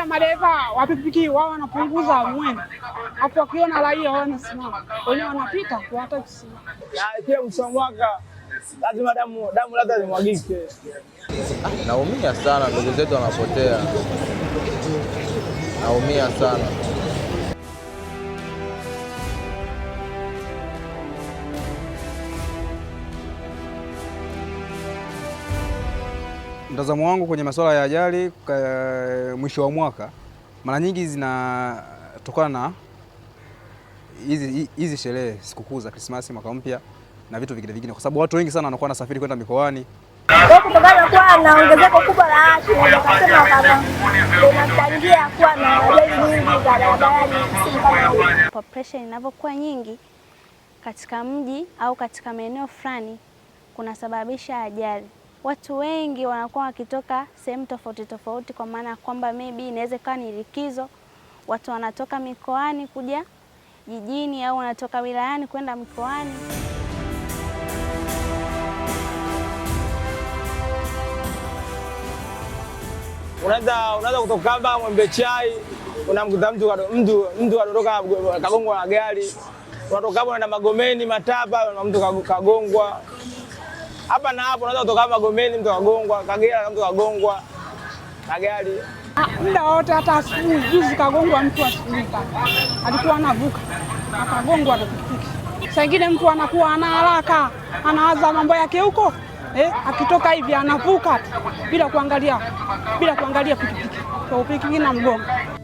hata madereva wa pikipiki wao wanapunguza mwendo, afu wakiona raia wanasimama wenyewe wanapita kuwata kusimama. Kila lazima damu damu lazima zimwagike. Naumia sana, ndugu zetu wanapotea, naumia sana. mtazamo wangu kwenye masuala ya ajali mwisho wa mwaka mara nyingi zinatokana na hizi sherehe, sikukuu za Krismasi, mwaka mpya na vitu vingine vingine, kwa sababu watu wengi sana wanakuwa nasafiri kwenda mikoani kutokana kuwa na ongezeko kubwa la watu wakasema inachangia kuwa na ajali nyingi barabarani. Population inavyokuwa nyingi katika mji au katika maeneo fulani kunasababisha ajali watu wengi wanakuwa wakitoka sehemu tofauti tofauti, kwa maana ya kwamba maybe inaweza ikawa ni likizo, watu wanatoka mikoani kuja jijini au wanatoka wilayani kwenda mikoani Unaweza unaweza kutoka hapa Mwembe Chai, unamkuta mtu mtu mtu anatoka kagongwa na gari, unatoka hapo unaenda Magomeni Mataba, mtu kagongwa hapa na hapo, unaweza kutoka Magomeni mtu kagongwa, Kagera mtu kagongwa na gari ah, muda wote, hata asubuhi. Juzi kagongwa mtu asubuhi, alikuwa anavuka akagongwa na pikipiki. Saa ingine mtu anakuwa ana haraka, anawaza mambo yake huko eh, akitoka hivi anavuka bila kuangalia, bila kuangalia pikipiki, pikipiki na mgongo